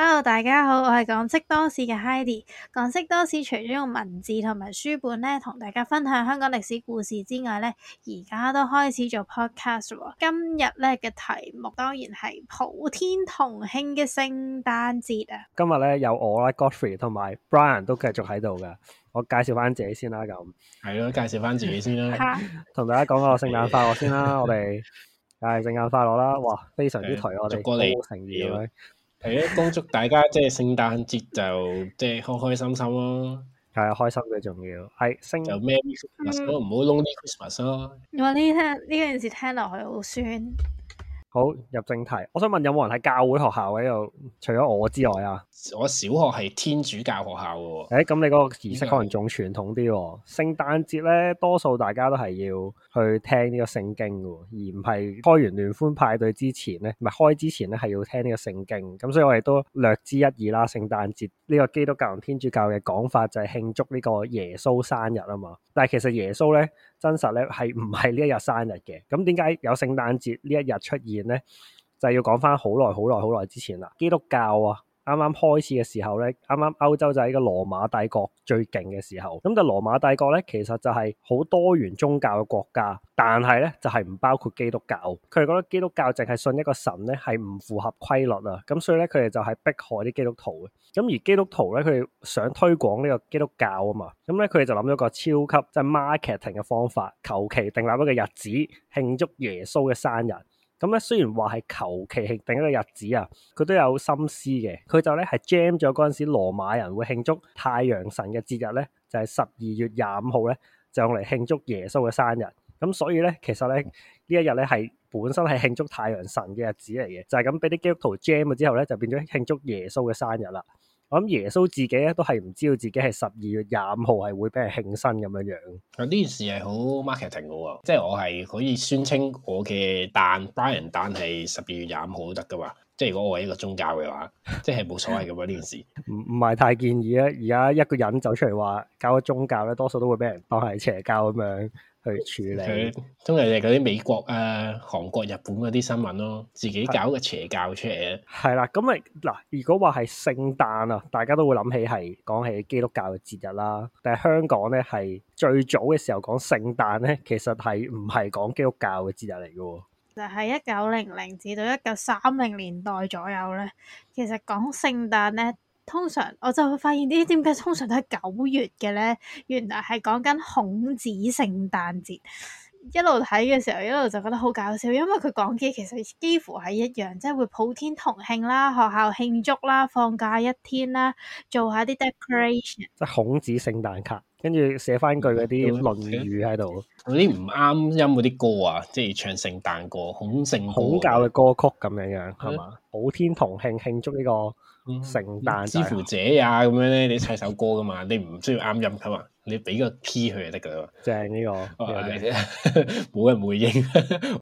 hello，大家好，我係港識多史嘅 Haidee。港識多史除咗用文字同埋書本咧，同大家分享香港歷史故事之外咧，而家都開始做 podcast、哦。今日咧嘅題目當然係普天同慶嘅聖誕節啊！今日咧有我啦 Godfrey 同埋 Brian 都繼續喺度噶。我介紹翻自己先啦，咁係咯，介紹翻自己先啦，同 大家講個聖誕快樂先啦， 我哋誒聖誕快樂啦！哇，非常之頹我哋， 好誠意。 係咯，恭 祝大家即係聖誕節就即係開開心心咯。係啊，開心最重要悉悉、啊。係，就咩 Christmas 咯，唔好 lonely Christmas 咯。你話呢聽呢件事聽落去好酸。好，入正題，我想問有冇人喺教會學校喺度？除咗我之外啊，我小學係天主教學校嘅。誒、哎，咁你嗰個儀式可能仲傳統啲。聖誕節咧，多數大家都係要去聽呢個聖經嘅，而唔係開完聯歡派對之前咧，唔係開之前咧係要聽呢個聖經。咁所以我亦都略知一二啦。聖誕節呢個基督教同天主教嘅講法就係慶祝呢個耶穌生日啊嘛。但係其實耶穌咧。真實咧係唔係呢一日生日嘅？咁點解有聖誕節呢一日出現咧？就係要講返好耐好耐好耐之前啦，基督教啊。啱啱開始嘅時候咧，啱啱歐洲就係一個羅馬帝國最勁嘅時候。咁就係羅馬帝國咧，其實就係好多元宗教嘅國家，但係咧就係唔包括基督教。佢哋覺得基督教淨係信一個神咧，係唔符合規律啊。咁所以咧，佢哋就係迫害啲基督徒嘅。咁而基督徒咧，佢哋想推廣呢個基督教啊嘛。咁咧，佢哋就諗咗個超級即係 marketing 嘅方法，求其定立一個日子慶祝耶穌嘅生日。咁咧、嗯，雖然話係求其定一個日子啊，佢都有心思嘅。佢就咧係 jam 咗嗰陣時，羅馬人會慶祝太陽神嘅節日咧，就係十二月廿五號咧，就用嚟慶祝耶穌嘅生日。咁、嗯、所以咧，其實咧呢一日咧係本身係慶祝太陽神嘅日子嚟嘅，就係咁俾啲基督徒 jam 咗之後咧，就變咗慶祝耶穌嘅生日啦。我諗耶穌自己咧都係唔知道自己係十二月廿五號係會俾人慶生咁樣樣。啊，呢件事係好 marketing 嘅，即係我係可以宣稱我嘅誕，Brian 誕係十二月廿五號都得噶嘛。即係如果我係一個宗教嘅話，即係冇所謂咁，啊，呢件事。唔唔係太建議啊！而家一個人走出嚟，話搞個宗教咧，多數都會俾人當係邪教咁樣。去處理，嗯、通常係嗰啲美國啊、韓國、日本嗰啲新聞咯，自己搞個邪教出嚟啊。係啦，咁咪嗱，如果話係聖誕啊，大家都會諗起係講起基督教嘅節日啦。但係香港咧，係最早嘅時候講聖誕咧，其實係唔係講基督教嘅節日嚟嘅。就係一九零零至到一九三零年代左右咧，其實講聖誕咧。通常我就會發現呢啲，點解通常都係九月嘅咧？原來係講緊孔子聖誕節。一路睇嘅時候，一路就覺得好搞笑，因為佢講嘅其實幾乎係一樣，即係會普天同慶啦，學校慶祝啦，放假一天啦，做下啲 decoration，即係孔子聖誕卡，跟住寫翻句嗰啲論語喺度。嗰啲唔啱音嗰啲歌啊，即係唱聖誕歌、孔聖、孔教嘅歌曲咁樣樣，係嘛？嗯、普天同慶慶祝呢個。聖誕之乎者呀、啊、咁樣咧，你砌首歌噶嘛，你唔需要啱音噶嘛，你俾個 key 佢就得噶啦。正呢、這個冇、哦、 人回會應。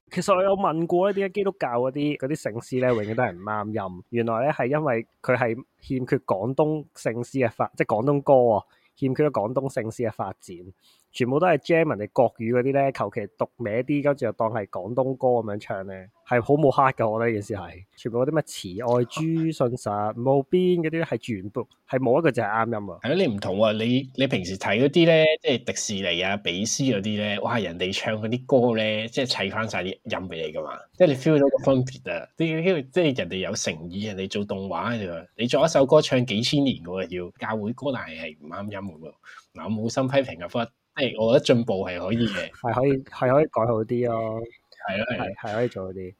其實我有問過咧，點解基督教嗰啲嗰啲聖詩咧，永遠都係唔啱音？原來咧係因為佢係欠缺廣東聖詩嘅發，即係廣東歌啊，欠缺咗廣東聖詩嘅發展。全部都係 German 哋國語嗰啲咧，求其讀歪啲，跟住就當係廣東歌咁樣唱咧，係好冇黑噶。我覺得呢件事係全部嗰啲咩慈愛、忠信、實無邊嗰啲，係全部係冇一個就係啱音啊。係啊，你唔同啊，你你平時睇嗰啲咧，即係迪士尼啊、比斯嗰啲咧，哇、啊，人哋唱嗰啲歌咧，即係砌翻晒啲音俾你噶嘛，即係、嗯、你 feel 到個分別啊。即、就、係、是、人哋有誠意，人哋做動畫啊，你作一首歌唱幾千年噶喎，要教會歌，但係係唔啱音噶喎。嗱，我冇心批評啊，誒、哎，我覺得進步係可以嘅，係可以係可以改好啲咯，哦，係咯係，係可以做好啲。誒、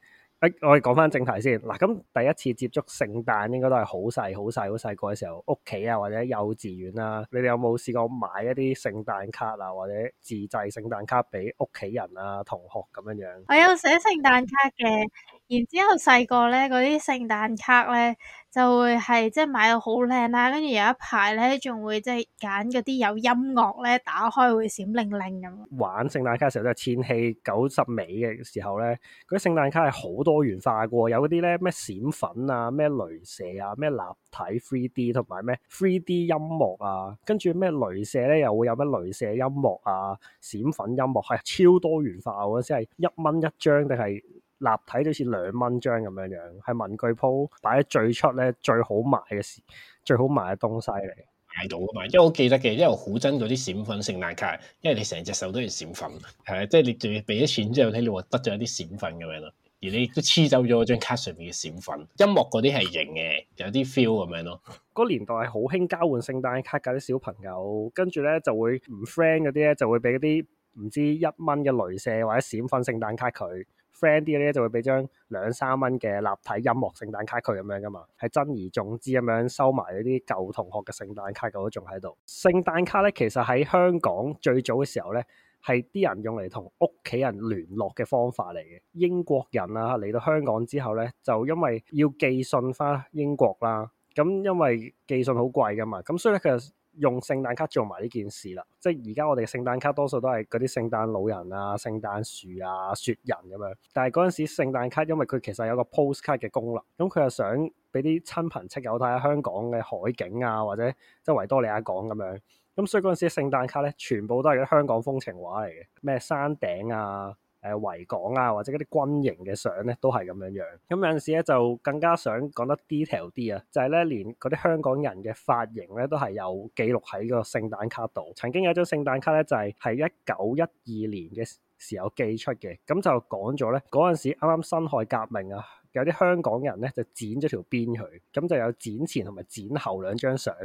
哎，我哋講翻正題先。嗱，咁第一次接觸聖誕應該都係好細好細好細個嘅時候，屋企啊或者幼稚園啦，啊，你哋有冇試過買一啲聖誕卡啊或者自製聖誕卡俾屋企人啊同學咁樣樣？我有寫聖誕卡嘅。然之後細個咧嗰啲聖誕卡咧就會係即係買到好靚啦，跟住有一排咧仲會即係揀嗰啲有音樂咧打開會閃靈靈咁。玩聖誕卡嘅時候就係千禧九十尾嘅時候咧，嗰啲聖誕卡係好多元化噶，有嗰啲咧咩閃粉啊，咩鐳射啊，咩立體 three D 同埋咩 three D 音樂啊，跟住咩鐳射咧又會有咩鐳射音樂啊，閃粉音樂係、哎、超多元化噶，即係一蚊一張定係。立體都似兩蚊張咁樣樣，係文具鋪擺喺最初咧，最好賣嘅時，最好賣嘅東西嚟買到啊嘛。因為我記得嘅，因為我好憎嗰啲閃粉聖誕卡，因為你成隻手都係閃粉，係啊，即係你仲要俾咗錢之後，咧你話得咗一啲閃粉咁樣咯。而你都黐走咗張卡上面嘅閃粉。音樂嗰啲係型嘅，有啲 feel 咁樣咯。嗰年代係好興交換聖誕卡噶，啲小朋友跟住咧就會唔 friend 嗰啲咧，就會俾嗰啲唔知一蚊嘅鐳射或者閃粉聖誕卡佢。friend 啲咧就會俾張兩三蚊嘅立體音樂聖誕卡佢咁樣噶嘛，係珍而重之咁樣收埋嗰啲舊同學嘅聖誕卡，佢都仲喺度。聖誕卡咧，其實喺香港最早嘅時候咧，係啲人用嚟同屋企人聯絡嘅方法嚟嘅。英國人啊嚟到香港之後咧，就因為要寄信翻英國啦，咁因為寄信好貴噶嘛，咁所以咧佢。實。用聖誕卡做埋呢件事啦，即係而家我哋聖誕卡多數都係嗰啲聖誕老人啊、聖誕樹啊、雪人咁樣，但係嗰陣時聖誕卡因為佢其實有個 postcard 嘅功能，咁佢又想俾啲親朋戚友睇下香港嘅海景啊，或者即係維多利亞港咁樣，咁所以嗰陣時聖誕卡咧全部都係啲香港風情畫嚟嘅，咩山頂啊～誒、維、呃、港啊，或者嗰啲軍營嘅相咧，都係咁樣樣。咁、嗯、有陣時咧就更加想講得 detail 啲啊，就係、是、咧連嗰啲香港人嘅髮型咧都係有記錄喺個聖誕卡度。曾經有一張聖誕卡咧就係係一九一二年嘅時候寄出嘅，咁就講咗咧嗰陣時啱啱辛亥革命啊，有啲香港人咧就剪咗條邊佢，咁就有剪前同埋剪後兩張相。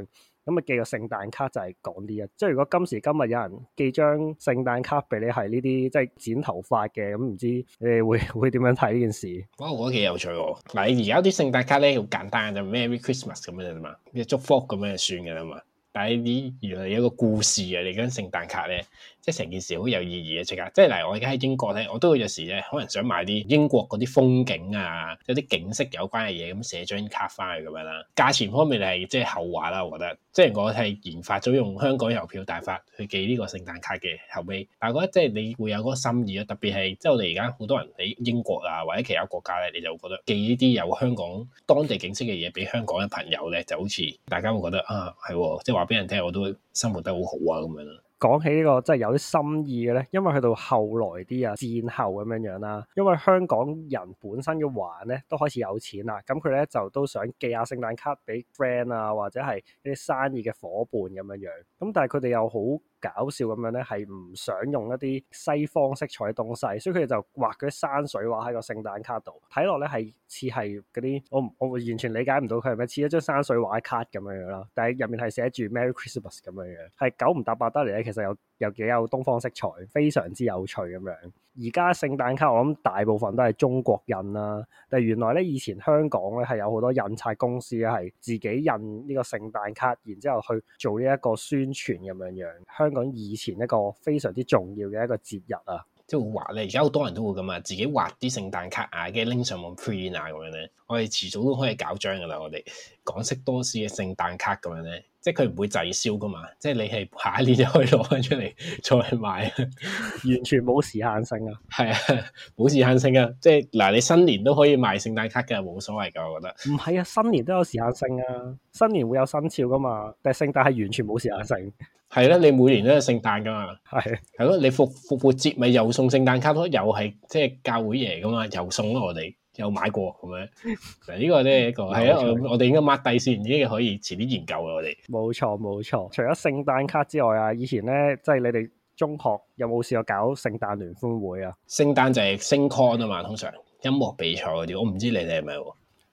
咁啊寄個聖誕卡就係講啲啊，即係如果今時今日有人寄張聖誕卡俾你係呢啲即係剪頭髮嘅，咁唔知你會會點樣睇呢件事？我覺得幾有趣喎。你而家啲聖誕卡咧好簡單嘅，就係 Merry Christmas 咁樣咋嘛，啲祝福咁樣就算嘅啦嘛。但係啲原來有一個故事啊，你嗰張聖誕卡咧。即係成件事好有意義嘅出街，即係嚟我而家喺英國咧，我都會有時咧可能想買啲英國嗰啲風景啊，有啲景色有關嘅嘢，咁寫張卡翻去咁樣啦。價錢方面就係即係後話啦，我覺得，即係我係研發咗用香港郵票大法去寄呢個聖誕卡嘅後尾。但係我覺得即係你會有嗰個心意咯，特別係即係我哋而家好多人喺英國啊或者其他國家咧，你就覺得寄呢啲有香港當地景色嘅嘢俾香港嘅朋友咧，就好似大家會覺得啊係、啊，即係話俾人聽我都生活得好好啊咁樣咯。講起呢個真係有啲心意嘅咧，因為去到後來啲啊戰後咁樣樣啦，因為香港人本身嘅話咧都開始有錢啦，咁佢咧就都想寄下聖誕卡俾 friend 啊，或者係一啲生意嘅伙伴咁樣樣，咁但係佢哋又好。搞笑咁樣咧，係唔想用一啲西方色彩嘅東西，所以佢哋就畫嗰啲山水畫喺個聖誕卡度，睇落咧係似係嗰啲我我完全理解唔到佢係咪似一張山水畫嘅卡咁樣樣咯。但係入面係寫住 Merry Christmas 咁樣樣，係九唔搭八得嚟咧。其實有又幾有東方色彩，非常之有趣咁樣。而家聖誕卡我諗大部分都係中國印啦，但原來咧以前香港咧係有好多印刷公司係自己印呢個聖誕卡，然之後去做呢一個宣傳咁樣樣。香港以前一個非常之重要嘅一個節日啊。即係畫咧，而家好多人都會咁啊，自己畫啲聖誕卡啊，跟住拎上網 print 啊，咁樣咧。我哋遲早都可以搞張噶啦，我哋港識多史嘅聖誕卡咁樣咧。即係佢唔會滯銷噶嘛，即係你係下一年就可以攞翻出嚟，再賣，完全冇時限性啊。係 啊，冇時限性啊。即係嗱，你新年都可以賣聖誕卡嘅，冇所謂噶，我覺得。唔係啊，新年都有時限性啊，新年會有新潮噶嘛，但係聖誕係完全冇時限性。係啦，你每年都有聖誕噶嘛？係係咯，你復復活節咪又送聖誕卡咯，又係即係教會嚟噶嘛，又送咯我哋又買過咁樣。其、這、呢個咧一個係啊， 我我哋應該 mark 低先，依啲可以遲啲研究啊我哋。冇錯冇錯，除咗聖誕卡之外啊，以前咧即係你哋中學有冇試過搞聖誕聯歡會啊？聖誕就係 sing con 啊嘛，通常音樂比賽嗰啲，我唔知你哋係咪。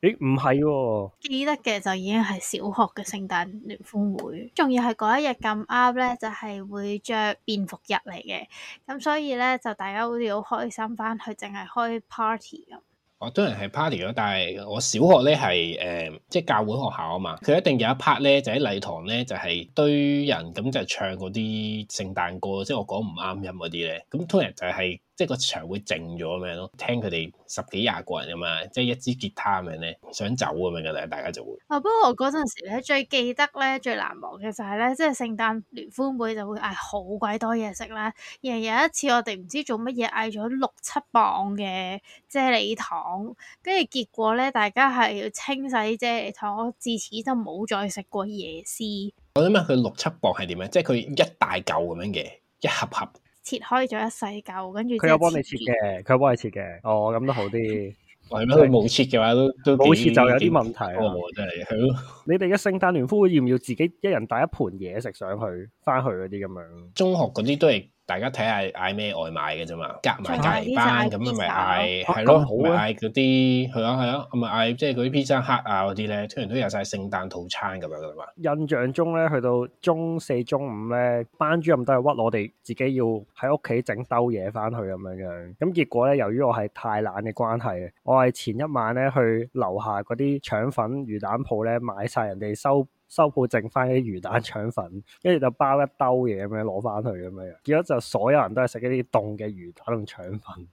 咦，唔係喎，記得嘅就已經係小學嘅聖誕聯歡會，仲要係嗰一日咁啱咧，就係、是、會着便服日嚟嘅，咁所以咧就大家好似好開心，翻去淨係開 party 咁。 我當然係 party 咯，但係我小學咧係誒，即係、呃就是、教會學校啊嘛，佢一定有一 part 咧，就喺、是、禮堂咧，就係、是、堆人咁就唱嗰啲聖誕歌，即、就、係、是、我講唔啱音嗰啲咧，咁通常就係、是。即係個場會靜咗咁樣咯，聽佢哋十幾廿個人啊嘛，即係一支吉他咁樣咧，想走咁樣嘅，大家就會。啊，不過我嗰陣時咧最記得咧最難忘嘅就係咧，即係聖誕聯歡會就會嗌好鬼多嘢食啦，然後有一次我哋唔知做乜嘢嗌咗六七磅嘅啫喱糖，跟住結果咧大家係要清洗啫喱糖，我自此都冇再食過椰絲。我諗問佢六七磅係點咧？即係佢一大嚿咁樣嘅一盒盒。切開咗一細嚿，跟住佢有幫你切嘅，佢有幫你切嘅，哦，咁嗎、就是、都好啲。係咩？佢冇切嘅話，都都冇切就有啲問題啊！哦、真係係咯。 你哋嘅聖誕聯歡會要唔要自己一人帶一盤嘢食上去翻去嗰啲咁樣？中學嗰啲都係。大家睇下嗌咩外賣嘅啫嘛，隔埋隔離班咁啊，咪嗌係咯，好嗌嗰啲係咯係咯，咪嗌即係嗰啲披薩客啊嗰啲咧，通常、啊就是、都有晒聖誕套餐咁樣噶嘛。印象中咧，去到中四中五咧，班主任都係屈我哋自己要喺屋企整兜嘢翻去咁樣樣。咁結果咧，由於我係太懶嘅關係，我係前一晚咧去樓下嗰啲腸粉魚蛋鋪咧買晒人哋收。收鋪剩翻啲魚蛋腸粉，跟住就包一兜嘢咁樣攞翻去咁樣，結果就所有人都係食一啲凍嘅魚蛋同腸粉。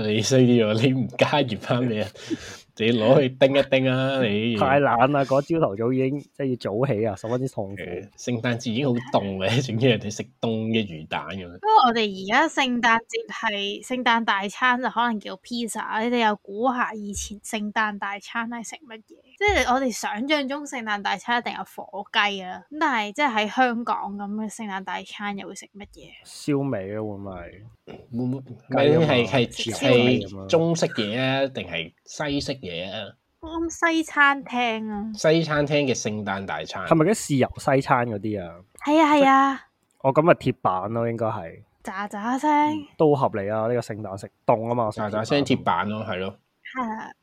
你衰啲喎，你唔加魚蛋咩？ 你攞去叮一叮啊！你太懶啦，嗰朝頭早已經即係要早起啊，十分之痛嘅。聖誕節已經好凍嘅，仲要，嗯、人哋食凍嘅魚蛋咁。不過我哋而家聖誕節係聖誕大餐就可能叫 pizza，你哋又估下以前聖誕大餐係食乜嘢？即係我哋想象中聖誕大餐一定有火雞啦，咁但係即係喺香港咁嘅聖誕大餐又會食乜嘢？燒味咯，會唔會？會唔會？係係中式嘢呀定係？西式嘢啊，西餐廳啊，西餐廳嘅聖誕大餐係咪啲豉油西餐嗰啲啊？係啊係啊，啊我咁咪鐵板咯、啊，應該係喳喳聲，嗯、都合理啊呢、這個聖誕食凍啊嘛，喳喳聲鐵板、啊、咯，係咯。係係，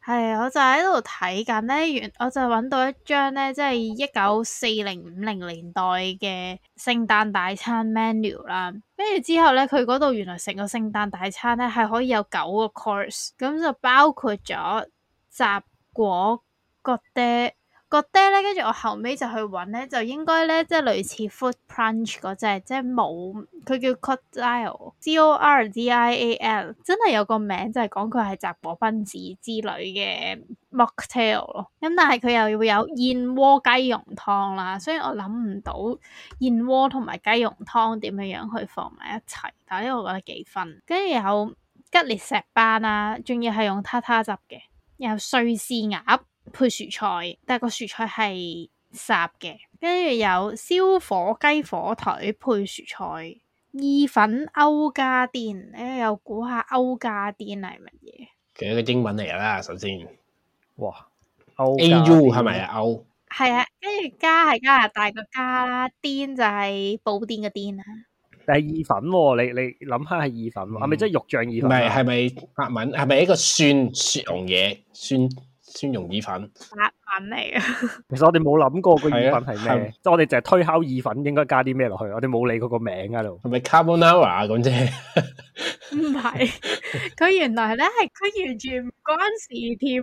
係啊，我就喺度睇緊咧，完我就搵到一張咧，即係一九四零五零年代嘅聖誕大餐 menu 啦。跟住之後咧，佢嗰度原來成個聖誕大餐咧係可以有九個 course，咁就包括咗雜果果爹。個爹咧，跟住我後尾就去揾咧，就應該咧，即係類似 foot punch 嗰隻，即係冇佢叫 Cordial, C O R D I A L，真係有個名，就係講佢係雜果分子之類嘅 mocktail 咯。咁但係佢又會有燕窩雞蓉湯啦，所以我諗唔到燕窩同埋雞蓉湯點樣樣去放埋一齊，但係呢個我覺得幾分。跟住有吉列石斑啦，仲要係用塔塔汁嘅，然後瑞士鴨。配蔬菜，但係個蔬菜係烚嘅，跟住有燒火雞火腿配蔬菜意粉歐加顛，誒、欸、又估下歐加顛係乜嘢？其實一個英文嚟㗎啦，首先，哇，AU 係咪啊？歐，係啊，跟住加係加拿大個加顛就係布顛個顛啦。係意粉喎，哦，你你諗下係意粉喎，係咪即係肉醬意粉？唔係，係咪法文？係咪一個酸酸嘢酸？酸蒜蓉意粉法文嚟嘅， 其實我哋冇諗過個意粉係咩，即係、啊、我哋淨係推敲意粉應該加啲咩落去，我哋冇理佢個名喺度。係咪 carbonara 咁 啫 ？唔係，佢原來咧係佢完全唔關事添。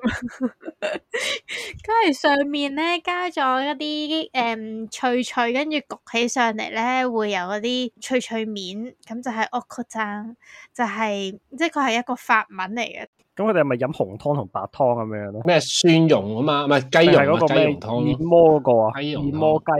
佢 係上面咧加咗一啲誒、嗯、脆脆，跟住焗起上嚟咧會有嗰啲脆脆面，咁就係 o x y 就係、是就是、即係佢係一個法文嚟嘅。咁佢哋係咪飲紅湯同白湯咁樣咯？咩蒜蓉啊嘛，唔係雞蓉啊雞蓉湯咯。燕窩嗰個啊，燕窩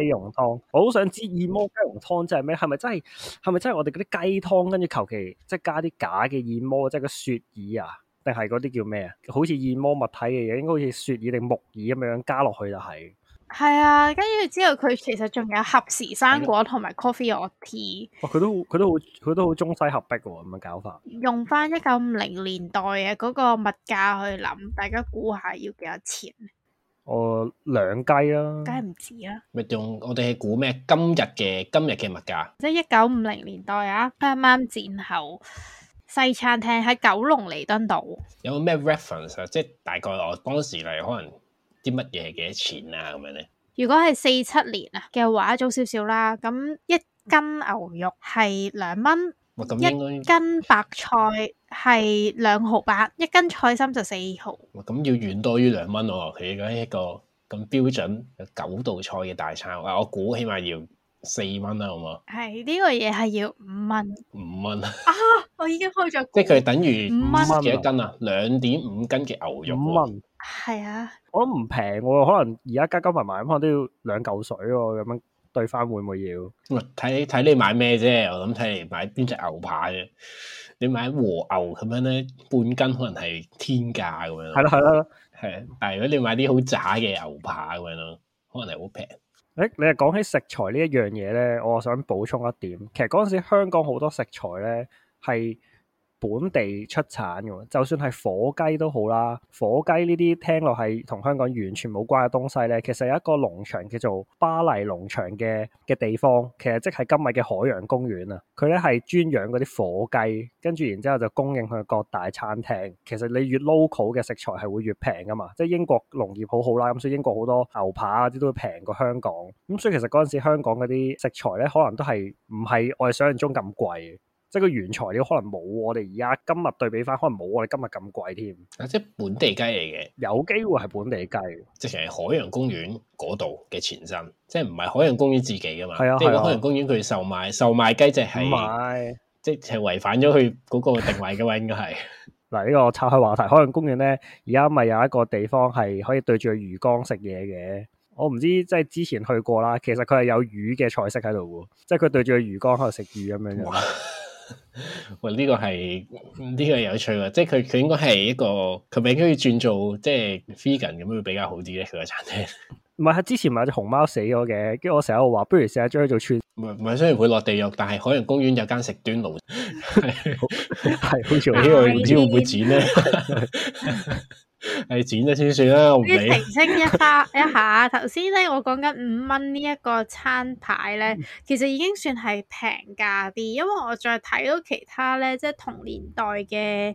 雞蓉湯。我好想知燕窩雞蓉湯即係咩？係咪真係？係咪真係我哋嗰啲雞湯跟住求其即係加啲假嘅燕窩，即係個雪耳啊？定係嗰啲叫咩啊？好似燕窩物體嘅嘢，應該好似雪耳定木耳咁樣加落去就係。係啊，跟住之後佢其實仲有合時生果同埋 coffee or tea。佢、哦、都好，佢都好，佢都好中西合璧嘅喎、哦，咁嘅搞法。用翻一九五零年代嘅嗰個物價去諗，大家估下要幾多錢？我兩雞啦。梗係唔止啦。咪用我哋係估咩？今日嘅今日嘅物價。即係一九五零年代啊，啱啱戰後西餐廳喺九龍彌敦道。有冇咩 reference 啊？即係大概我當時嚟可能啲乜嘢係幾多錢啊？咁樣咧，如果係四七年啊嘅話，早少少啦。咁一斤牛肉係兩蚊，一斤白菜係兩毫八，一斤菜心就四毫。咁要遠多於兩蚊喎。佢而家一個咁標準有九道菜嘅大餐，我估起碼要四蚊啦，好唔好？係呢個嘢係要五蚊。五蚊啊！我已經開咗，即係佢等於五蚊幾多斤啊？兩點五斤嘅牛肉。五蚊。係啊，我諗唔平喎，可能而家加加埋埋，可能都要兩嚿水喎，咁樣對翻會唔會要？睇睇你買咩啫，我諗睇你買邊隻牛扒啫。你買和牛咁樣咧，半斤可能係天價咁樣。係咯係咯係，但係如果你買啲好渣嘅牛扒咁樣咯，可能係好平。誒、欸，你係講起食材呢一樣嘢咧，我想補充一點，其實嗰陣時香港好多食材咧係。本地出產嘅喎，就算係火雞都好啦，火雞呢啲聽落係同香港完全冇關嘅東西呢，其實有一個農場叫做巴黎農場嘅嘅地方，其實即係今日嘅海洋公園啊。佢呢係專養嗰啲火雞，跟住然之後就供應佢各大餐廳。其實你越 local 嘅食材係會越平㗎嘛。即係英國農業好好啦，咁、嗯、所以英國好多牛扒啊啲都會平過香港。咁、嗯、所以其實嗰陣時香港嗰啲食材呢，可能都係唔係我哋想像中咁貴。即係個原材料可能冇我哋而家今日對比翻，可能冇我哋今日咁貴添。即係本地雞嚟嘅，有機會係本地雞。即係海洋公園嗰度嘅前身，即係唔係海洋公園自己嘅嘛？係啊，海洋公園佢售賣售賣雞隻係，是即係違反咗佢嗰個定位嘅話，應該係嗱，呢個拆開話題。海洋公園咧，而家咪有一個地方係可以對住魚缸食嘢嘅。我唔知即係之前去過啦，其實佢係有魚嘅菜式喺度喎，即係佢對住魚缸喺度食魚咁樣。喂，呢、這個係呢、這個有趣啊！即係佢佢應該係一個佢俾佢轉做即係 Vegan 咁樣會比較好啲咧。佢個餐廳唔係之前咪隻熊貓死咗嘅，跟住我成日話，不如成日將佢做串唔唔，雖然會落地獄，但係海洋公園有間食端爐，係係好重要，唔知會唔會轉咧？誒，剪咗先算啦，我唔理。澄清一下一下，頭先咧我講緊五蚊呢一個餐牌咧，其實已經算係平價啲，因為我再睇到其他咧，即係同年代嘅，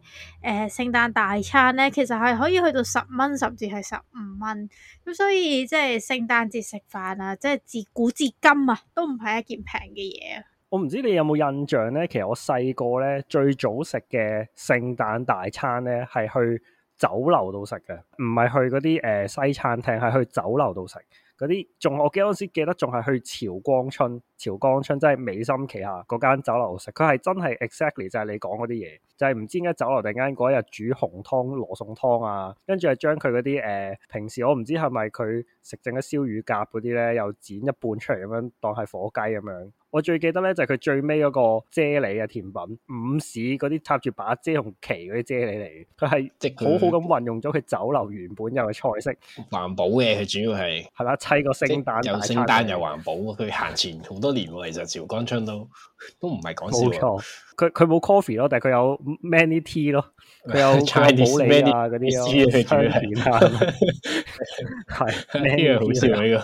誒，聖誕大餐咧，其實係可以去到十蚊，甚至係十五蚊。咁所以即係聖誕節食飯啊，即係自古至今啊，都唔係一件平嘅嘢啊。我唔知你有冇印象咧？其實我細個咧最早食嘅聖誕大餐咧，係去。酒樓度食嘅，唔係去嗰啲誒西餐廳，係去酒樓度食。嗰啲仲我記得嗰陣時，記得仲係去朝光春。潮江春真係美心旗下嗰間酒樓食，佢係真係 exactly 就係你講嗰啲嘢，就係、是、唔知點解酒樓突然間嗰一日煮紅湯羅宋湯啊，跟住係將佢嗰啲誒平時我唔知係咪佢食剩嘅燒乳鴿嗰啲咧，又剪一半出嚟咁樣當係火雞咁樣。我最記得咧就係、是、佢最尾嗰個啫喱啊甜品，午市嗰啲插住把遮紅旗嗰啲啫喱嚟，佢係好好咁運用咗佢酒樓原本有嘅菜式。環保嘅佢主要係係啦，砌個聖誕又聖誕又環保，佢 行前多年喎，其實潮江春都都唔係講笑喎。佢佢冇 coffee 咯，但係佢有 many tea 咯。佢有炒保利啊，嗰啲啊，主要係係呢樣好事嚟噶。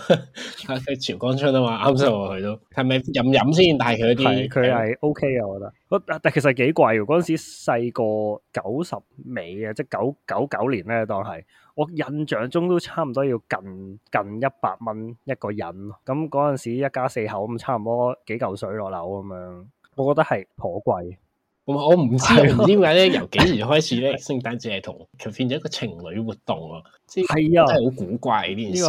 佢潮江春啊嘛，啱數佢都係咪飲飲先？但係佢啲佢係 O K 啊，我覺得。但其實幾貴喎，嗰陣時細個九十尾啊，即九九九年咧，當係我印象中都差唔多要近近一百蚊一個人。咁嗰陣時一家四口咁，差唔多幾嚿水落樓咁樣。我覺得係頗貴。我唔知，唔知點解咧？由幾年開始咧，聖誕就係同，就變咗一個情侶活動咯，即係的真係好古怪呢件事，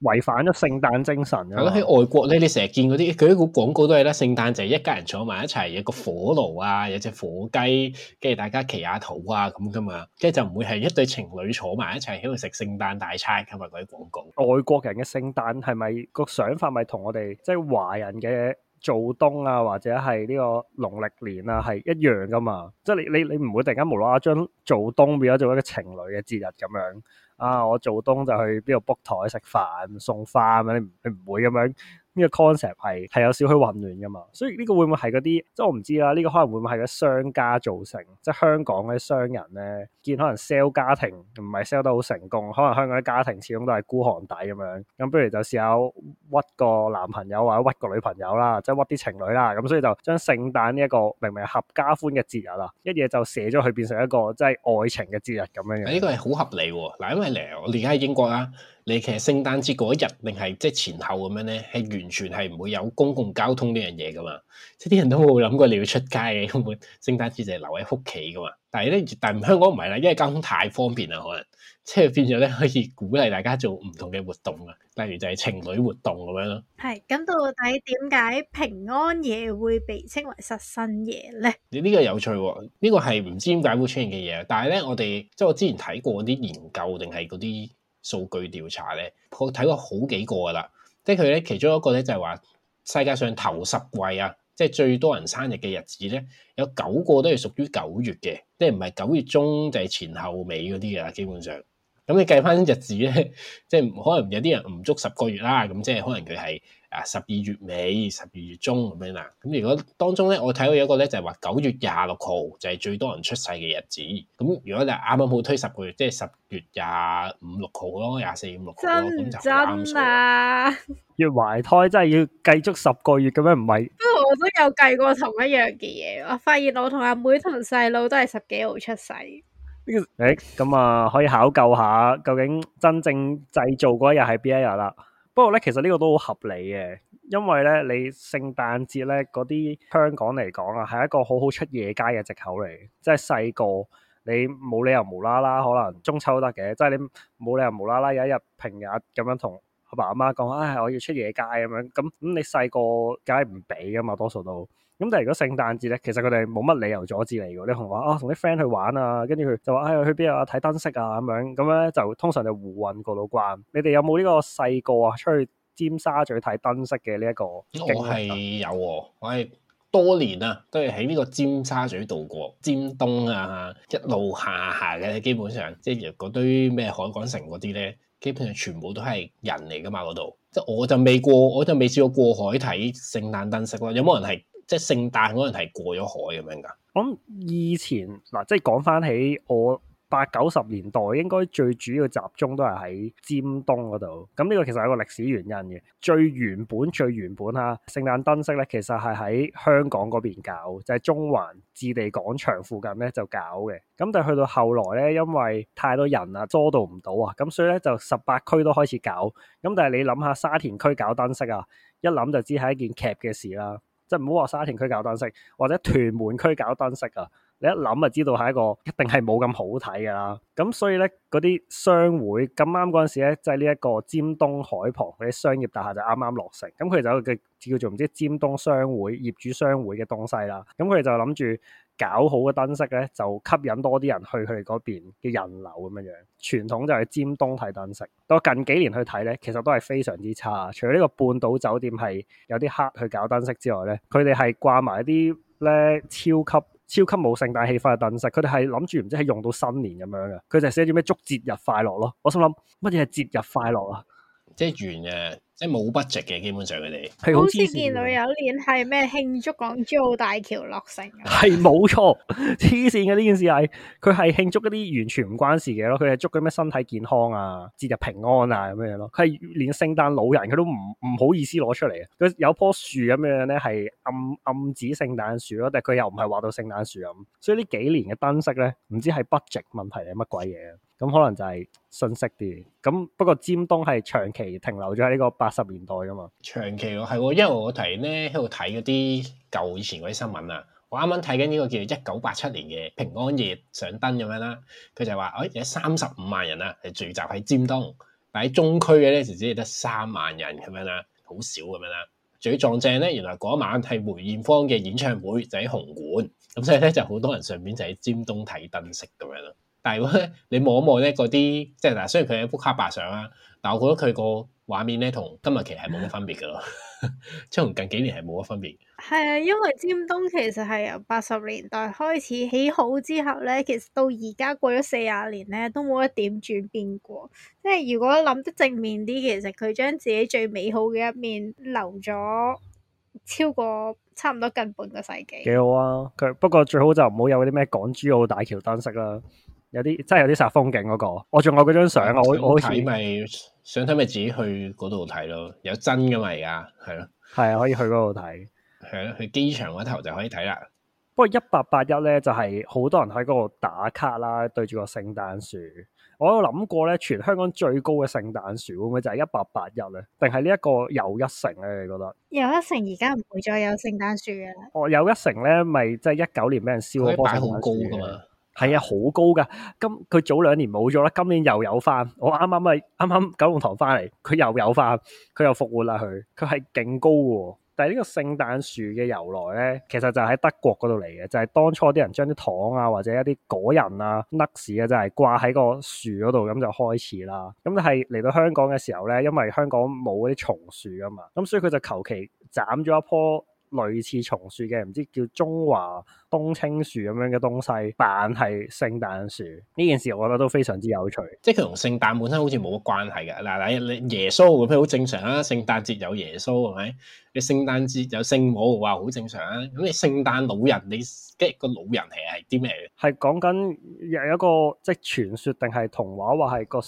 違反咗聖誕精神。係咯，喺外國咧，你成日見嗰啲，佢一個廣告都係咧，聖誕就係一家人坐埋一齊，有個火爐啊，有隻火雞，跟住大家企下肚啊咁噶嘛，跟住就唔會係一對情侶坐埋一齊喺度食聖誕大餐，係埋嗰啲廣告？外國人嘅聖誕係咪個想法咪同我哋即係華人嘅？做冬啊，或者係呢個農曆年啊，係一樣噶嘛。即係你你你唔會突然間無啦啦將做冬變咗做一個情侶嘅節日咁樣啊！我做冬就去邊度 book 台食飯送花咁樣，你你唔會咁樣。呢個 concept 係係有少許混亂噶嘛，所以呢個會唔會係嗰啲即係我唔知啦？呢個可能會唔係嗰啲商家造成，即係香港嗰啲商人咧，見可能 sell 家庭唔係 sell 得好成功，可能香港啲家庭始終都係孤寒底咁樣，咁不如就試下屈個男朋友或者屈個女朋友啦，即係屈啲情侶啦，咁所以就將聖誕呢一個明明合家歡嘅節日啦，一嘢就寫咗佢變成一個即係愛情嘅節日咁樣樣。呢個係好合理喎，嗱，因為嚟我而家喺英國啊。你其實聖誕節嗰一日，定係即係前後咁樣咧，係完全係唔會有公共交通呢樣嘢噶嘛？即係啲人都冇諗過你要出街嘅， 聖誕節就係留喺屋企噶嘛。但係咧，但係香港唔係啦，因為交通太方便啦，可能即係變咗咧，可以鼓勵大家做唔同嘅活動啊。例如就係情侶活動咁樣咯。係咁，到底點解平安夜會被稱為失身夜咧？你呢個有趣喎，呢、這個係唔知點解會出現嘅嘢。但係咧，我哋即係我之前睇過啲研究，定係嗰啲。數據調查咧，我睇過好幾個啦，即係佢咧其中一個咧就係話世界上頭十季啊，即係最多人生日嘅日子咧，有九個都係屬於九月嘅，即係唔係九月中就係前後尾嗰啲嘅啦，基本上，咁你計翻啲日子咧，即係可能有啲人唔足十個月啦，咁即係可能佢係。啊！十二月尾、十二月中咁樣啦。咁如果當中咧，我睇到有一個咧，就係話九月廿六號就係最多人出世嘅日子。咁如果你啱啱好推十個月，即係十月廿五六號咯，廿四五六號，真呀？咁就啱數。要懷胎真係要計足十個月嘅咩？唔係。不過 我都有計過同一樣嘅嘢，我發現我同阿妹同細佬都係十幾號出世。呢個誒咁啊，可以考究下究竟真正製造嗰日係邊一日啦。不過咧，其實呢個都好合理嘅，因為咧，你聖誕節咧嗰啲香港嚟講啊，係一個好好出夜街嘅藉口嚟。即係細個，你冇理由無啦啦可能中秋得嘅，即係你冇理由無啦啦有一日平日咁樣同阿爸阿媽講，唉，我要出夜街咁樣，咁咁你細個梗係唔俾噶嘛，多數都。咁但係如果聖誕節咧，其實佢哋冇乜理由阻止你噶。你同話啊，同啲 friend 去玩啊，跟住佢就話：哎，去邊啊？睇燈飾啊，咁樣咁咧就通常就胡混過到關。你哋有冇呢個細個啊？出去尖沙咀睇燈飾嘅呢一個？我係有，我係多年啊，都係喺呢個尖沙咀度過尖東啊，一路下下嘅。基本上即係嗰堆咩海港城嗰啲咧，基本上全部都係人嚟噶嘛。嗰度即係我就未過，我就未試過過海睇聖誕燈飾咯。有冇人係？即係聖誕嗰陣係過咗海咁樣噶。咁以前嗱，即係講翻起我八九十年代，應該最主要集中都係喺尖東嗰度。咁呢個其實係個歷史原因嘅。最原本、最原本啊，聖誕燈飾咧，其實係喺香港嗰邊搞，就係中環置地廣場附近咧就搞嘅。咁但係去到後來咧，因為太多人啦，捉到唔到啊，咁所以咧就十八區都開始搞。咁但係你諗下沙田區搞燈飾啊，一諗就知係一件劇嘅事啦。即係唔好話沙田區搞燈飾，或者屯門區搞燈飾啊！你一諗就知道係一個一定係冇咁好睇嘅啦。咁所以咧，嗰啲商會咁啱嗰陣時咧，即係呢一個尖東海旁嗰啲商業大廈就啱啱落成，咁佢哋就叫叫做唔知尖東商會業主商會嘅東西啦。咁佢哋就諗住。搞好嘅燈飾咧，就吸引多啲人去佢哋嗰邊嘅人流咁樣樣。傳統就係尖東睇燈飾，到近幾年去睇咧，其實都係非常之差。除咗呢個半島酒店係有啲黑去搞燈飾之外咧，佢哋係掛埋一啲咧，超級超級冇聖誕氣氛嘅燈飾。佢哋係諗住唔知係用到新年咁樣嘅，佢就寫住咩祝節日快樂咯。我心諗乜嘢係節日快樂啊？即係完嘅。即係冇 budget 嘅，基本上佢哋係好黐線。我好似見到有年係咩慶祝港珠澳大橋落成，係冇錯，黐線嘅呢件事係佢係慶祝一啲完全唔關事嘅咯。佢係祝佢咩身體健康啊、節日平安啊咁樣咯。佢係、啊、連聖誕老人佢都唔唔好意思攞出嚟。佢有棵樹咁樣咧係暗暗指聖誕樹咯，但係佢又唔係畫到聖誕樹咁。所以呢幾年嘅燈飾咧，唔知係 budget 問題定乜鬼嘢？咁可能就係信息啲，咁不過尖東係長期停留咗喺呢個八十年代噶嘛？長期係，因為我提咧喺度睇嗰啲舊以前嗰啲新聞啊，我啱啱睇緊呢個叫一九八七年嘅平安夜上燈咁樣啦，佢就話誒、哎，有三十五萬人啊，係聚集喺尖東，但係喺中區嘅咧就只係得三萬人咁樣啦，好少咁樣啦。最撞正咧，原來嗰晚係梅艷芳嘅演唱會就喺紅館，咁所以咧就好多人上邊就喺尖東睇燈飾咁樣咯。係你望一望咧，嗰啲即係，嗱，係雖然佢一幅黑白相啦，但我覺得佢個畫面咧，同今日其實係冇乜分別噶咯，即同 近幾年係冇乜分別。係啊，因為尖東其實係由八十年代開始起好之後咧，其實到而家過咗四十年咧，都冇一點轉變過。即係如果諗得正面啲，其實佢將自己最美好嘅一面留咗超過差唔多近半個世紀。幾好啊！佢不過最好就唔好有嗰啲咩港珠澳大橋燈飾啦。有啲真係有啲煞風景嗰、那個，我仲有嗰張相，我、就是、我睇咪、就是、想睇咪自己去嗰度睇咯，有真噶嘛而家係咯，係啊可以去嗰度睇，係咯，去機場嗰頭就可以睇啦。不過一八八一咧就係、是、好多人喺嗰度打卡啦，對住個聖誕樹。我有諗過咧，全香港最高嘅聖誕樹會唔會就係一八八一咧？定係呢一個有一成咧？你覺得有一成而家唔會再有聖誕樹嘅？哦，有一成咧，咪即係一九年俾人燒咗棵聖誕樹。擺好高噶嘛？係啊，好高噶！咁佢早兩年冇咗啦，今年又有翻。我啱啱咪，啱啱九龍塘翻嚟，佢又有翻，佢又復活啦！佢佢係勁高喎。但係呢個聖誕樹嘅由來咧，其實就喺德國嗰度嚟嘅，就係、是、當初啲人將啲糖啊，或者一啲果仁啊、nuts 啊，就係掛喺個樹嗰度，咁就開始啦。咁就係嚟到香港嘅時候咧，因為香港冇啲松樹噶嘛，咁所以佢就求其斬咗一棵。類似松樹嘅唔知叫中華冬青樹咁樣嘅東西，扮係聖誕樹呢件事，我覺得都非常之有趣。即係佢同聖誕本身好似冇乜關係嘅。嗱，你耶穌咁樣好正常啦，啊，聖誕節有耶穌係咪？你聖誕節有聖母，哇，好正常啊。咁你聖誕老人，你即係個老人係係啲咩嘅？係講緊有一個即係傳說，定係童話，話係個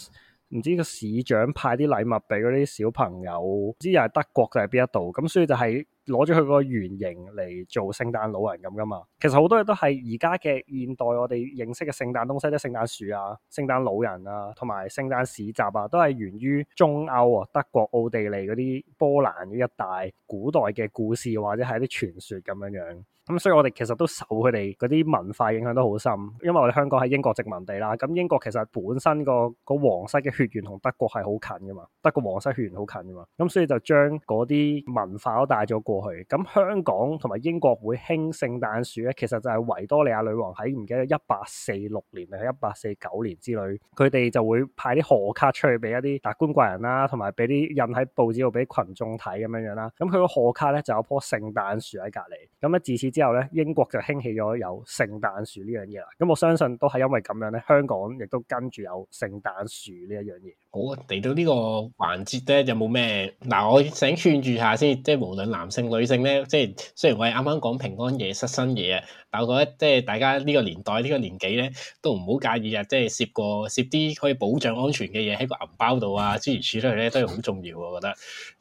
唔知個市長派啲禮物俾嗰啲小朋友。唔知又係德國定係邊一度？咁所以就係、是。攞住佢個原型嚟做聖誕老人咁噶嘛，其實好多嘢都係而家嘅現代我哋認識嘅聖誕東西，即聖誕樹啊、聖誕老人啊、同埋聖誕市集啊，都係源於中歐啊、德國、奧地利嗰啲波蘭呢一帶古代嘅故事或者係啲傳說咁樣樣。咁所以我哋其實都受佢哋嗰啲文化影響都好深，因為我哋香港係英國殖民地啦。咁英國其實本身個個皇室嘅血緣同德國係好近噶嘛，德國皇室血緣好近噶嘛。咁所以就將嗰啲文化都帶咗過去。咁香港同埋英國會興聖誕樹咧，其實就係維多利亞女王喺唔記得一八四六年定係一八四九年之類，佢哋就會派啲賀卡出去俾一啲達官貴人啦，同埋俾啲印喺報紙度俾群眾睇咁樣樣啦。咁佢個賀卡咧就有棵聖誕樹喺隔籬，咁啊自此之之後咧，英國就興起咗有聖誕樹呢樣嘢啦。咁我相信都係因為咁樣咧，香港亦都跟住有聖誕樹呢一樣嘢。好，嚟到呢個環節咧，有冇咩？嗱，我想勸住下先，即係無論男性女性咧，即係雖然我係啱啱講平安夜、失身夜啊，但我覺得即係大家呢個年代、呢、呢個年紀咧，都唔好介意啊！即係攝個攝啲可以保障安全嘅嘢喺個銀包度啊、諸如此類咧，咧都係好重要。我覺得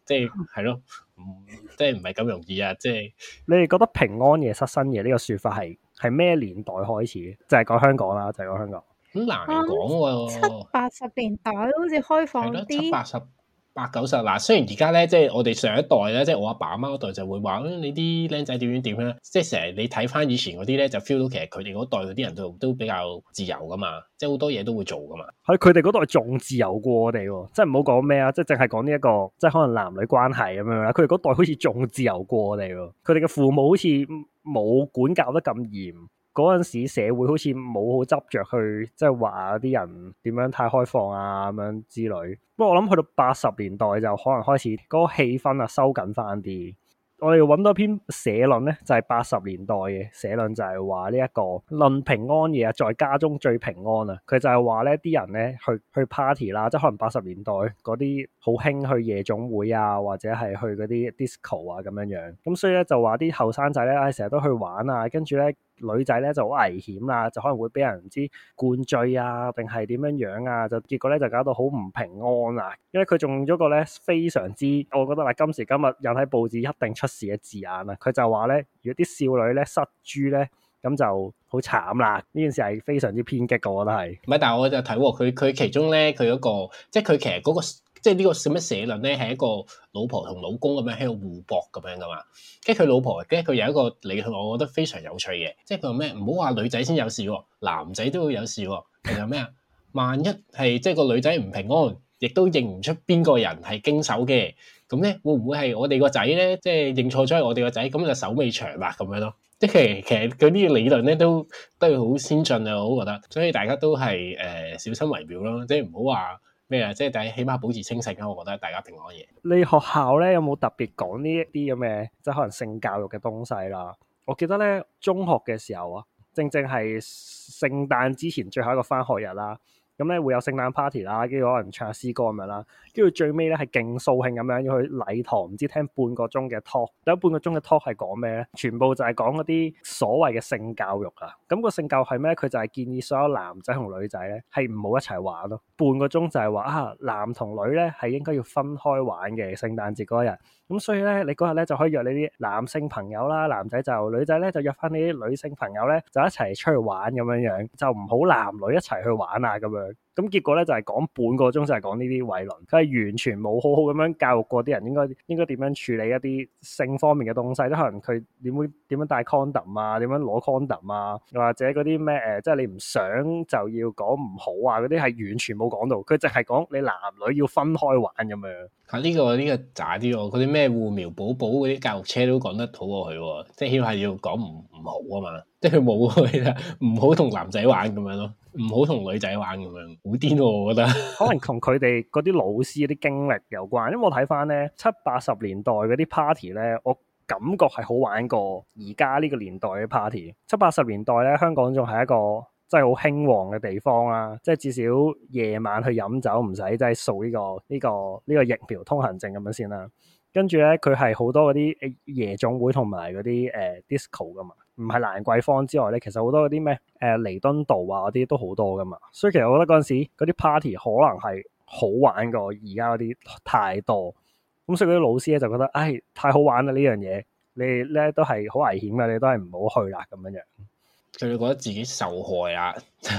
即係係咯。嗯、即係唔係咁容易啊！即係 你哋覺得平安夜、失身夜呢個說法係係咩年代開始？就係、是、講香港啦，就係、是、講香港。好難講喎、啊嗯，七八十年代好似開放咗啲。八九十嗱，雖然而家咧，即係我哋上一代咧，即係我阿爸阿媽代就、嗯，就會話，你啲僆仔點樣點樣，即係成日你睇翻以前嗰啲咧，就 feel 到其實佢哋嗰代嗰啲人都都比較自由噶嘛，即係好多嘢都會做噶嘛。係佢哋嗰代仲自由過我哋，即係唔好講咩啊，即係淨係講呢一個，即係可能男女關係咁樣啦。佢哋嗰代好似仲自由過我哋，佢哋嘅父母好似冇管教得咁嚴。嗰陣時社會好似冇好執着去，即係話啲人點樣太開放啊咁樣之類。不過我諗去到八十年代就可能開始嗰個氣氛啊收緊翻啲。我哋要揾到一篇社論咧，就係八十年代嘅社論就係話呢一個論平安夜，在家中最平安啊。佢就係話咧，啲人咧去去 party 啦，即係可能八十年代嗰啲好興去夜總會啊，或者係去嗰啲 disco 啊咁樣樣。咁所以咧就話啲後生仔咧，成、哎、日都去玩啊，跟住咧。女仔咧就好危險啦，就可能會俾人唔知灌醉啊，定係點樣樣啊，就結果咧就搞到好唔平安啊。因為佢中咗個咧非常之，我覺得嗱，今時今日印喺報紙一定出事嘅字眼啊。佢就話咧，如果啲少女咧失豬咧，咁就好慘啦。呢件事係非常之偏激嘅，我覺得係。唔係，但係我就睇喎，佢、哦、佢其中咧，佢嗰、嗰個即係佢其實嗰、嗰個。即係呢個咩社論咧，係一個老婆同老公咁樣喺度互搏咁樣噶嘛。跟住佢老婆，跟住佢有一個理論，我覺得非常有趣嘅。即係佢話咩？唔好話女仔先有事喎，男仔都會有事喎。仲有咩啊？萬一係即係個女仔唔平安，亦都認唔出邊個人係經手嘅，咁咧會唔會係我哋個仔咧？即係認錯咗係我哋個仔，咁就手尾長啦咁樣咯。即係其實佢呢個理論咧都都好先進啊，我覺得。所以大家都係誒、呃、小心為妙咯，即係唔好話。咩啊？即係但係起碼保持清醒啦，我覺得大家平安夜。你學校咧有冇特別講呢一啲咁嘅，即係可能性教育嘅東西啦？我記得咧，中學嘅時候啊，正正係聖誕之前最後一個翻學日啦。咁咧、嗯、會有聖誕 party 啦，跟住可能唱下詩歌咁樣啦，跟住最尾咧係勁掃興咁樣要去禮堂，唔知聽半個鐘嘅 talk，第一半個鐘嘅 talk 係講咩咧？全部就係講嗰啲所謂嘅性教育啊！咁、個性教係咩？佢就係建議所有男仔同女仔咧係唔好一齊玩咯。半個鐘就係話啊，男同女咧係應該要分開玩嘅，聖誕節嗰日。咁所以咧，你嗰日咧就可以約你啲男性朋友啦，男仔就，女仔咧就約返你啲女性朋友咧，就一齊出去玩咁樣樣，就唔好男女一齊去玩啊咁樣。咁結果咧就係講半個鐘就係講呢啲偉論，佢係完全冇好好咁樣教育過啲人應該應該點樣處理一啲性方面嘅東西，即可能佢點樣點樣帶 condom 啊，點樣攞 condom 啊，或者嗰啲咩誒，即、呃、係、即係、你唔想就要講唔好啊，嗰啲係完全冇講到，佢淨係講你男女要分開玩咁樣。嚇、啊！呢、呢個呢、呢個渣啲喎，嗰啲咩《護苗寶寶》嗰啲教育車都講得好過佢，哦，即係起碼要講唔唔好啊嘛，即係佢冇去啦，唔好同男仔玩咁樣咯。唔好同女仔玩咁樣，好癲喎！我覺得可能同佢哋嗰啲老師啲經歷有關，因為我睇翻咧七八十年代嗰啲 party 咧，我感覺係好玩過而家呢個年代嘅 party。七八十年代咧，香港仲係一個真係好興旺嘅地方啦，即係至少夜晚去飲酒唔使即係掃呢個呢個呢個疫苗通行證咁樣先啦。跟住咧，佢係好多嗰啲夜總會同埋嗰啲誒、呃、disco 噶嘛。唔係蘭桂坊之外咧，其實好多嗰啲咩誒彌敦道啊嗰啲都好多噶嘛，所以其實我覺得嗰陣時嗰啲 party 可能係好玩過而家嗰啲太多，咁所以啲老師咧就覺得，唉、哎，太好玩啦呢樣嘢，你咧都係好危險嘅，你都係唔好去啦咁樣樣，所以佢哋覺得自己受害啦，就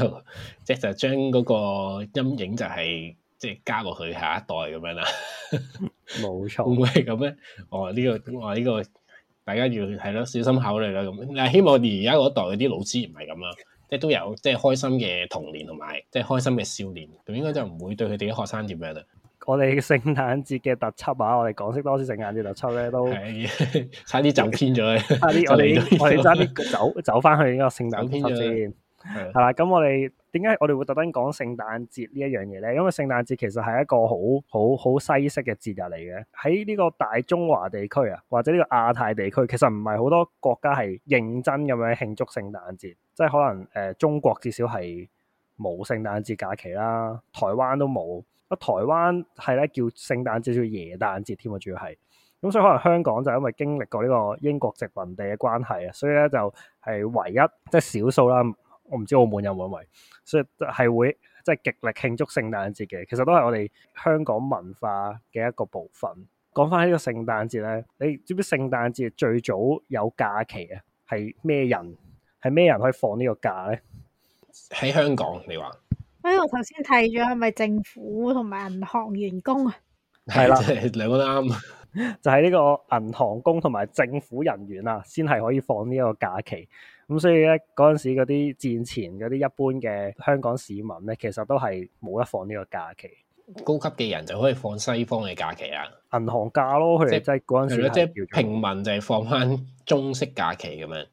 即係就將嗰個陰影就係即係加落去下一代咁樣啦，冇 錯，會唔會咁咧？哦，呢、呢個，哦呢、呢個。哦呢個大家要係咯，小心考慮啦咁。但希望我哋而家嗰代啲老師唔係咁啦，即係都有即係開心嘅童年同埋即係開心嘅少年，咁應該就唔會對佢哋啲學生點樣啦。我哋聖誕節嘅特輯啊，我哋港識多史啲聖誕節特輯咧、啊、都， 差啲 走偏咗。差啲我哋我哋差啲走走翻去呢個聖誕特輯先。 係啦，咁我哋點解我哋會特登講聖誕節呢一樣嘢呢？因為聖誕節其實係一個好好好西式嘅節日嚟嘅。喺呢個大中華地區啊，或者呢個亞太地區，其實唔係好多國家係認真咁樣慶祝聖誕節。即係可能誒、呃，中國至少係冇聖誕節假期啦，台灣都冇。台灣係咧叫聖誕節叫耶誕節添啊，主要係咁，所以可能香港就因為經歷過呢個英國殖民地嘅關係啊，所以咧就係、是、唯一即係少數啦。就是我唔知澳門有冇位，所以係會即係、就是、極力慶祝聖誕節嘅。其實都係我哋香港文化嘅一個部分。講返呢個聖誕節咧，你知唔知聖誕節最早有假期啊？係咩人？係咩人可以放呢個假咧？喺香港，你話？誒、哎，我頭先睇咗係咪政府同埋銀行員工啊？係啦了， 兩個都啱， 就係呢個銀行工同埋政府人員啊，先係可以放呢一個假期。咁所以咧，嗰陣時嗰啲戰前嗰啲一般嘅香港市民咧，其實都係冇得放呢個假期。高級嘅人就可以放西方嘅假期啊，銀行假咯，佢哋即係嗰陣時。係咯，即係平民就係放翻中式假期咁樣。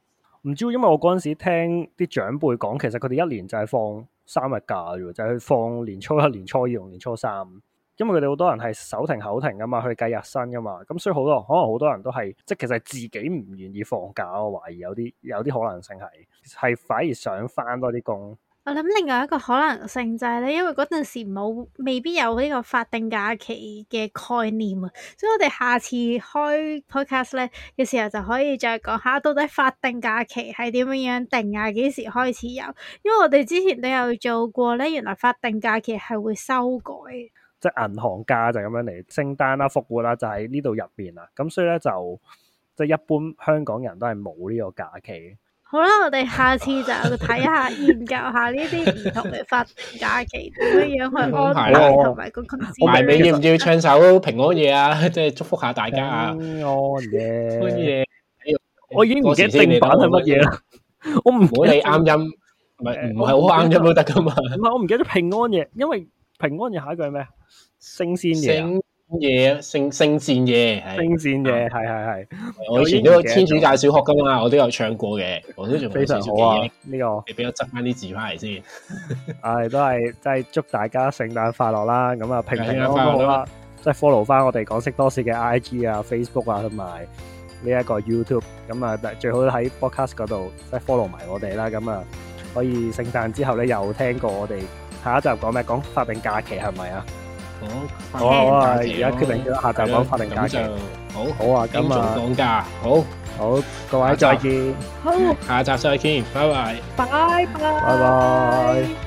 唔知，因為我嗰陣時聽啲長輩講，其實佢哋一年就係放三日假啫，就係去放年初一、年初二同年初三。因為佢哋好多人係手停口停噶嘛，去計日薪噶嘛，咁所以好多可能好多人都係即係其實自己唔願意放假，我懷疑有啲有啲可能性係係反而想翻多啲工。我諗另外一個可能性就係咧，因為嗰陣時冇未必有呢個法定假期嘅概念啊，所以我哋下次開 podcast 咧嘅時候就可以再講下到底法定假期係點樣樣定啊？幾時開始有？因為我哋之前都有做過咧，原來法定假期係會修改。即係銀行假就咁樣嚟聖誕啦、復活啦，就喺呢度入邊啊。咁所以咧就即係一般香港人都係冇呢個假期。好啦，我哋下次就睇下研究下呢啲唔同嘅法定假期點樣去安排同埋個公司。埋你知唔知唱首平安夜啊？即係祝福下大家啊！平安夜，平安夜，我已經唔記得正版係乜嘢啦。我唔冇你啱音，唔係唔係好啱音都得㗎嘛。唔係我唔記得咗平安夜，因為。平安夜下一句係咩？聖善夜，聖聖戰夜，聖戰夜，係係係。我以前都有天主教小學噶嘛，我都有唱過嘅。我都仲非常好啊，呢個你俾我執翻啲字翻嚟先。唉，都係即係祝大家聖誕快樂啦！咁啊，平安好啦，即係 follow 翻我哋港識多史嘅 IG 啊、Facebook 啊，同埋呢一個 YouTube。咁啊，最好喺 Podcast 嗰度即係 follow 埋我哋啦。咁啊，可以聖誕之後咧又聽過我哋。下一集講咩？講法定假期係咪啊？好，我我啊，而家決定咗，下集講法定假期。好，好啊，咁啊，點講假？好，好，各位再見。好，下集再見，拜拜。拜拜。拜拜。